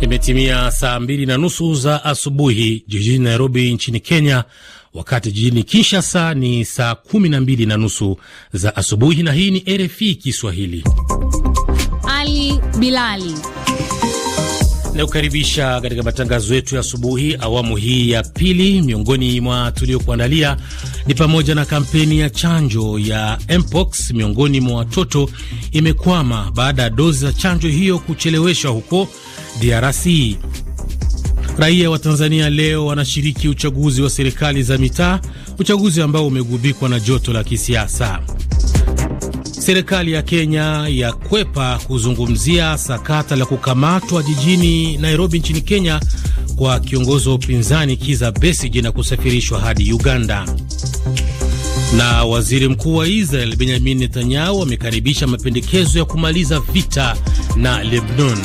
Imetimia saa mbili na nusu za asubuhi jijini Nairobi nchini Kenya, wakati jijini Kinshasa ni saa kumi na mbili na nusu za asubuhi. Na hii ni RFI Kiswahili. Ali Bilali nakukaribisha katika matangazo yetu ya asubuhi awamu hii ya pili. Miongoni mwa tuliokuandalia ni pamoja na kampeni ya chanjo ya mpox miongoni mwa watoto imekwama baada ya dozi za chanjo hiyo kucheleweshwa huko DRC. Raia wa Tanzania leo wanashiriki uchaguzi wa serikali za mitaa, uchaguzi ambao umegubikwa na joto la kisiasa. Serikali ya Kenya yakwepa kuzungumzia sakata la kukamatwa jijini Nairobi nchini Kenya kwa kiongozi wa upinzani Kiza Besigye na kusafirishwa hadi Uganda. Na waziri mkuu wa Israel Benjamin Netanyahu amekaribisha mapendekezo ya kumaliza vita na Lebanon.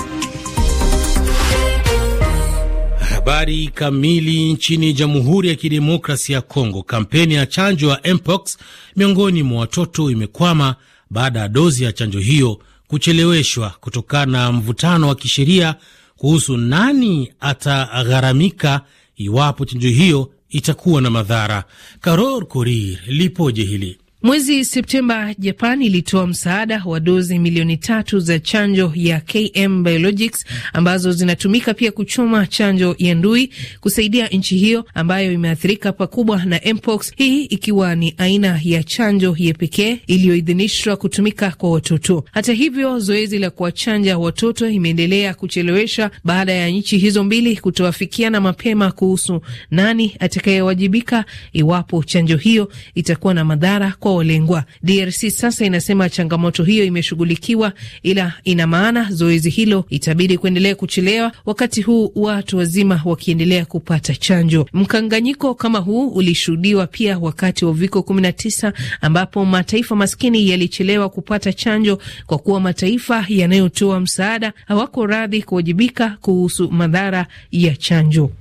Habari kamili. Nchini Jamhuri ya Kidemokrasia ya Kongo, kampeni ya chanjo ya mpox miongoni mwa watoto imekwama baada ya dozi ya chanjo hiyo kucheleweshwa kutokana na mvutano wa kisheria kuhusu nani atagharamika iwapo chanjo hiyo itakuwa na madhara. Karor Korir lipoje hili Mwezi Septemba, Japan ilitoa msaada wa dozi milioni tatu za chanjo ya KM Biologics ambazo zinatumika pia kuchoma chanjo ya ndui kusaidia nchi hiyo ambayo imeathirika pakubwa na mpox, hii ikiwa ni aina ya chanjo ya pekee iliyoidhinishwa kutumika kwa watoto. Hata hivyo, zoezi la kuwachanja watoto imeendelea kuchelewesha baada ya nchi hizo mbili kutoafikiana mapema kuhusu nani atakayewajibika iwapo chanjo hiyo itakuwa na madhara kwa kwa DRC sasa inasema changamoto hiyo imeshughulikiwa, ila ina maana zoezi hilo itabidi kuendelea kuchelewa, wakati huu watu wazima wakiendelea kupata chanjo. Mkanganyiko kama huu ulishuhudiwa pia wakati wa uviko 19 ambapo mataifa maskini yalichelewa kupata chanjo kwa kuwa mataifa yanayotoa msaada hawako radhi kuwajibika kuhusu madhara ya chanjo.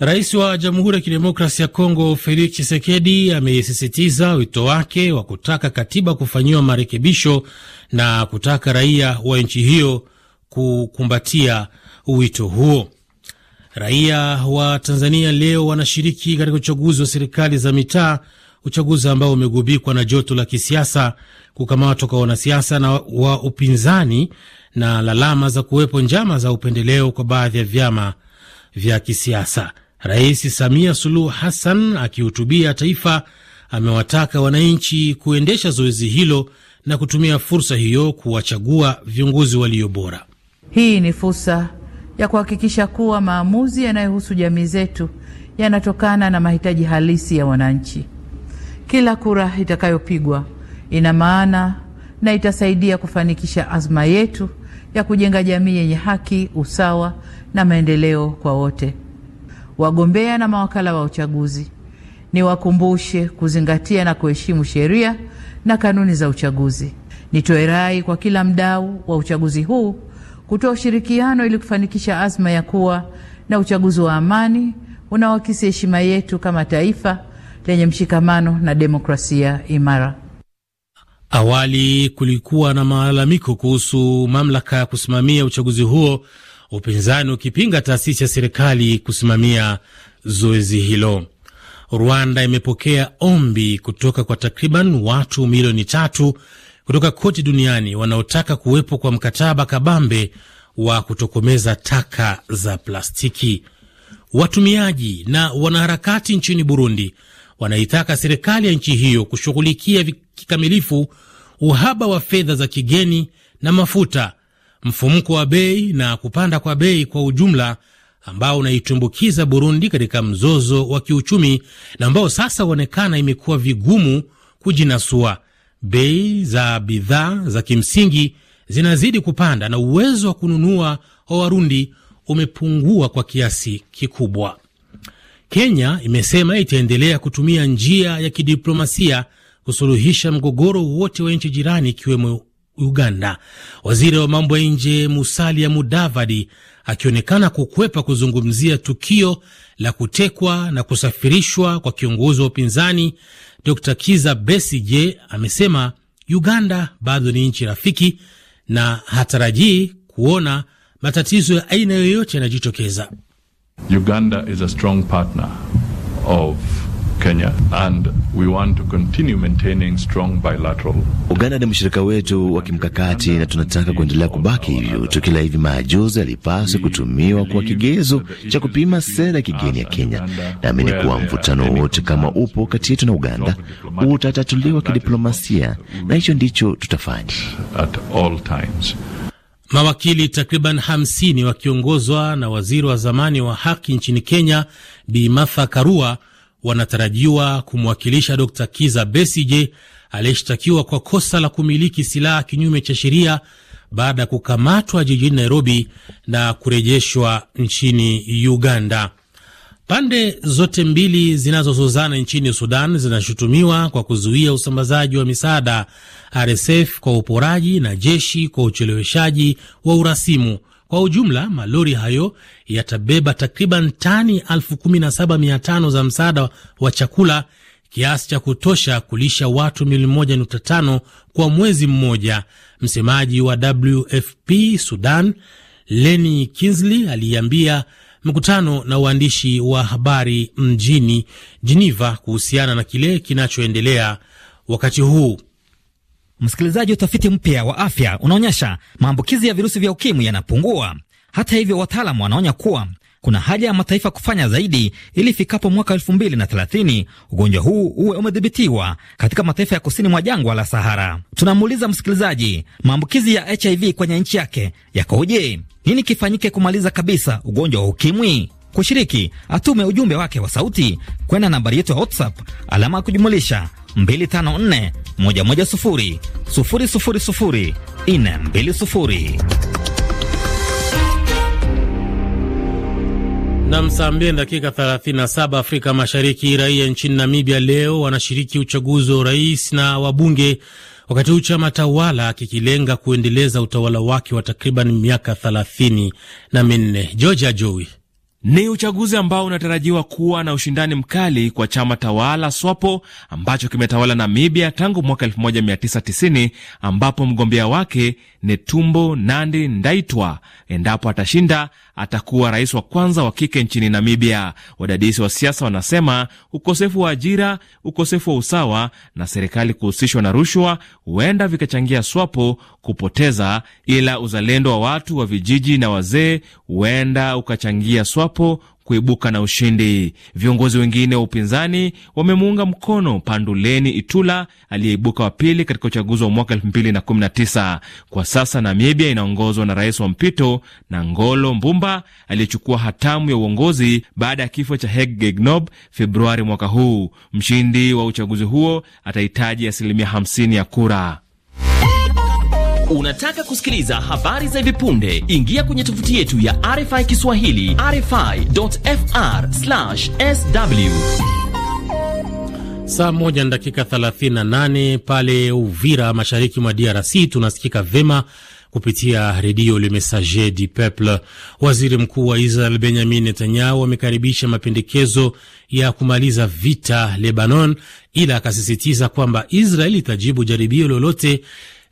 Rais wa Jamhuri ya Kidemokrasi ya Kongo Felix chisekedi amesisitiza wito wake wa kutaka katiba kufanyiwa marekebisho na kutaka raia wa nchi hiyo kukumbatia wito huo. Raia wa Tanzania leo wanashiriki katika uchaguzi wa serikali za mitaa, uchaguzi ambao umegubikwa na joto la kisiasa, kukamatwa kwa wanasiasa na wa upinzani na lalama za kuwepo njama za upendeleo kwa baadhi ya vyama vya kisiasa. Rais Samia Suluhu Hassan akihutubia taifa amewataka wananchi kuendesha zoezi hilo na kutumia fursa hiyo kuwachagua viongozi walio bora. Hii ni fursa ya kuhakikisha kuwa maamuzi yanayohusu jamii zetu yanatokana na mahitaji halisi ya wananchi. Kila kura itakayopigwa ina maana na itasaidia kufanikisha azma yetu ya kujenga jamii yenye haki, usawa na maendeleo kwa wote wagombea na mawakala wa uchaguzi. Niwakumbushe kuzingatia na kuheshimu sheria na kanuni za uchaguzi. Nitoe rai kwa kila mdau wa uchaguzi huu kutoa ushirikiano ili kufanikisha azma ya kuwa na uchaguzi wa amani unaoakisi heshima yetu kama taifa lenye mshikamano na demokrasia imara. Awali kulikuwa na malalamiko kuhusu mamlaka ya kusimamia uchaguzi huo upinzani ukipinga taasisi ya serikali kusimamia zoezi hilo. Rwanda imepokea ombi kutoka kwa takriban watu milioni tatu kutoka kote duniani wanaotaka kuwepo kwa mkataba kabambe wa kutokomeza taka za plastiki. Watumiaji na wanaharakati nchini Burundi wanaitaka serikali ya nchi hiyo kushughulikia kikamilifu uhaba wa fedha za kigeni na mafuta mfumuko wa bei na kupanda kwa bei kwa ujumla ambao unaitumbukiza Burundi katika mzozo wa kiuchumi na ambao sasa huonekana imekuwa vigumu kujinasua. Bei za bidhaa za kimsingi zinazidi kupanda na uwezo wa kununua wa Warundi umepungua kwa kiasi kikubwa. Kenya imesema itaendelea kutumia njia ya kidiplomasia kusuluhisha mgogoro wote wa nchi jirani ikiwemo Uganda. Waziri wa mambo ya nje Musalia Mudavadi akionekana kukwepa kuzungumzia tukio la kutekwa na kusafirishwa kwa kiongozi wa upinzani Dr Kiza Besige, amesema Uganda bado ni nchi rafiki na hatarajii kuona matatizo ya aina yoyote yanajitokeza. Uganda is a strong partner of Kenya and we want to continue maintaining strong bilateral. Uganda ni mshirika wetu wa kimkakati na tunataka kuendelea kubaki hivyo. Tukio la hivi majuzi alipaswa kutumiwa kwa kigezo cha kupima sera ya kigeni ya Kenya. Naamini kuwa mvutano wote kama upo kati yetu na Uganda utatatuliwa kidiplomasia, na hicho ndicho tutafanya at all times. Mawakili takriban 50 wakiongozwa na waziri wa zamani wa haki nchini Kenya Bi Martha Karua wanatarajiwa kumwakilisha Dr Kiza Besije aliyeshtakiwa kwa kosa la kumiliki silaha kinyume cha sheria baada ya kukamatwa jijini Nairobi na kurejeshwa nchini Uganda. Pande zote mbili zinazozozana nchini Sudan zinashutumiwa kwa kuzuia usambazaji wa misaada, RSF kwa uporaji na jeshi kwa ucheleweshaji wa urasimu. Kwa ujumla malori hayo yatabeba takriban tani 17,500 za msaada wa chakula, kiasi cha kutosha kulisha watu milioni 1.5 kwa mwezi mmoja. Msemaji wa WFP Sudan Leni Kinsley aliambia mkutano na uandishi wa habari mjini Geneva kuhusiana na kile kinachoendelea wakati huu. Msikilizaji, utafiti mpya wa afya unaonyesha maambukizi ya virusi vya ukimwi yanapungua. Hata hivyo, wataalamu wanaonya kuwa kuna haja ya mataifa kufanya zaidi ili ifikapo mwaka elfu mbili na thelathini ugonjwa huu uwe umedhibitiwa katika mataifa ya kusini mwa jangwa la Sahara. Tunamuuliza msikilizaji, maambukizi ya HIV kwenye nchi yake yakoje? Nini kifanyike kumaliza kabisa ugonjwa wa ukimwi? Kushiriki, atume ujumbe wake wa sauti kwenda nambari yetu ya WhatsApp alama ya kujumulisha 254 110 Nam, saa mbili dakika 37 Afrika Mashariki. Raia nchini Namibia leo wanashiriki uchaguzi wa urais na wabunge, wakati huu chama tawala kikilenga kuendeleza utawala wake wa takriban miaka thelathini na minne. Georgia joi ni uchaguzi ambao unatarajiwa kuwa na ushindani mkali kwa chama tawala SWAPO ambacho kimetawala Namibia tangu mwaka 1990 ambapo mgombea wake tumbo Nandi Ndaitwa, endapo atashinda, atakuwa rais wa kwanza wa kike nchini Namibia. Wadadisi wa siasa wanasema ukosefu wa ajira, ukosefu wa usawa na serikali kuhusishwa na rushwa huenda vikachangia SWAPO kupoteza, ila uzalendo wa watu wa vijiji na wazee huenda ukachangia SWAPO Swapo kuibuka na ushindi. Viongozi wengine wa upinzani wamemuunga mkono Panduleni Itula aliyeibuka wa pili katika uchaguzi wa mwaka 2019. Kwa sasa Namibia inaongozwa na rais wa mpito na Ngolo Mbumba aliyechukua hatamu ya uongozi baada ya kifo cha Hage Geingob Februari mwaka huu. Mshindi wa uchaguzi huo atahitaji asilimia 50 ya kura. Unataka kusikiliza habari za hivi punde? Ingia kwenye tovuti yetu ya RFI Kiswahili, rfi.fr/sw. Saa moja na dakika 38 pale Uvira, mashariki mwa DRC, tunasikika vema kupitia redio Le Messager du Peuple. Waziri Mkuu wa Israel Benyamin Netanyahu amekaribisha mapendekezo ya kumaliza vita Lebanon, ila akasisitiza kwamba Israel itajibu jaribio lolote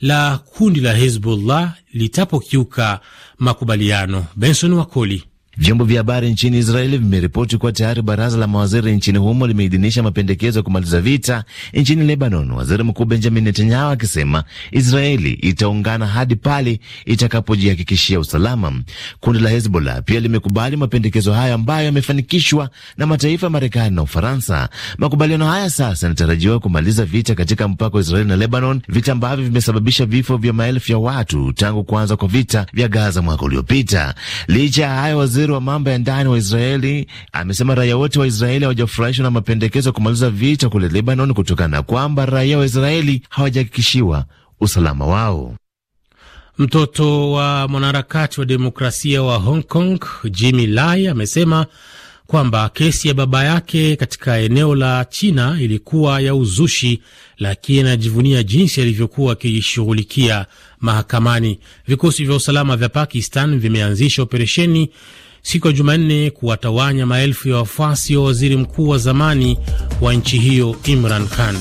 la kundi la Hezbollah litapokiuka makubaliano. Benson Wakoli. Vyombo vya habari nchini Israeli vimeripoti kuwa tayari baraza la mawaziri nchini humo limeidhinisha mapendekezo ya kumaliza vita nchini Lebanon, waziri mkuu Benjamin Netanyahu akisema Israeli itaungana hadi pale itakapojihakikishia usalama. Kundi la Hezbollah pia limekubali mapendekezo hayo ambayo yamefanikishwa na mataifa ya Marekani na Ufaransa. Makubaliano haya sasa yanatarajiwa kumaliza vita katika mpaka wa Israeli na Lebanon, vita ambavyo vimesababisha vifo vya maelfu ya watu tangu kuanza kwa vita vya Gaza mwaka uliopita. Licha ya hayo waziri waziri wa mambo ya ndani wa Israeli amesema raia wote wa Israeli hawajafurahishwa na mapendekezo ya kumaliza vita kule Lebanon kutokana na kwamba raia wa Israeli hawajahakikishiwa usalama wao. Mtoto wa mwanaharakati wa demokrasia wa Hong Kong Jimmy Lai amesema kwamba kesi ya baba yake katika eneo la China ilikuwa ya uzushi, lakini anajivunia jinsi alivyokuwa akijishughulikia mahakamani. Vikosi vya usalama vya Pakistan vimeanzisha operesheni siku ya Jumanne kuwatawanya maelfu ya wafuasi wa waziri mkuu wa zamani wa nchi hiyo Imran Khan.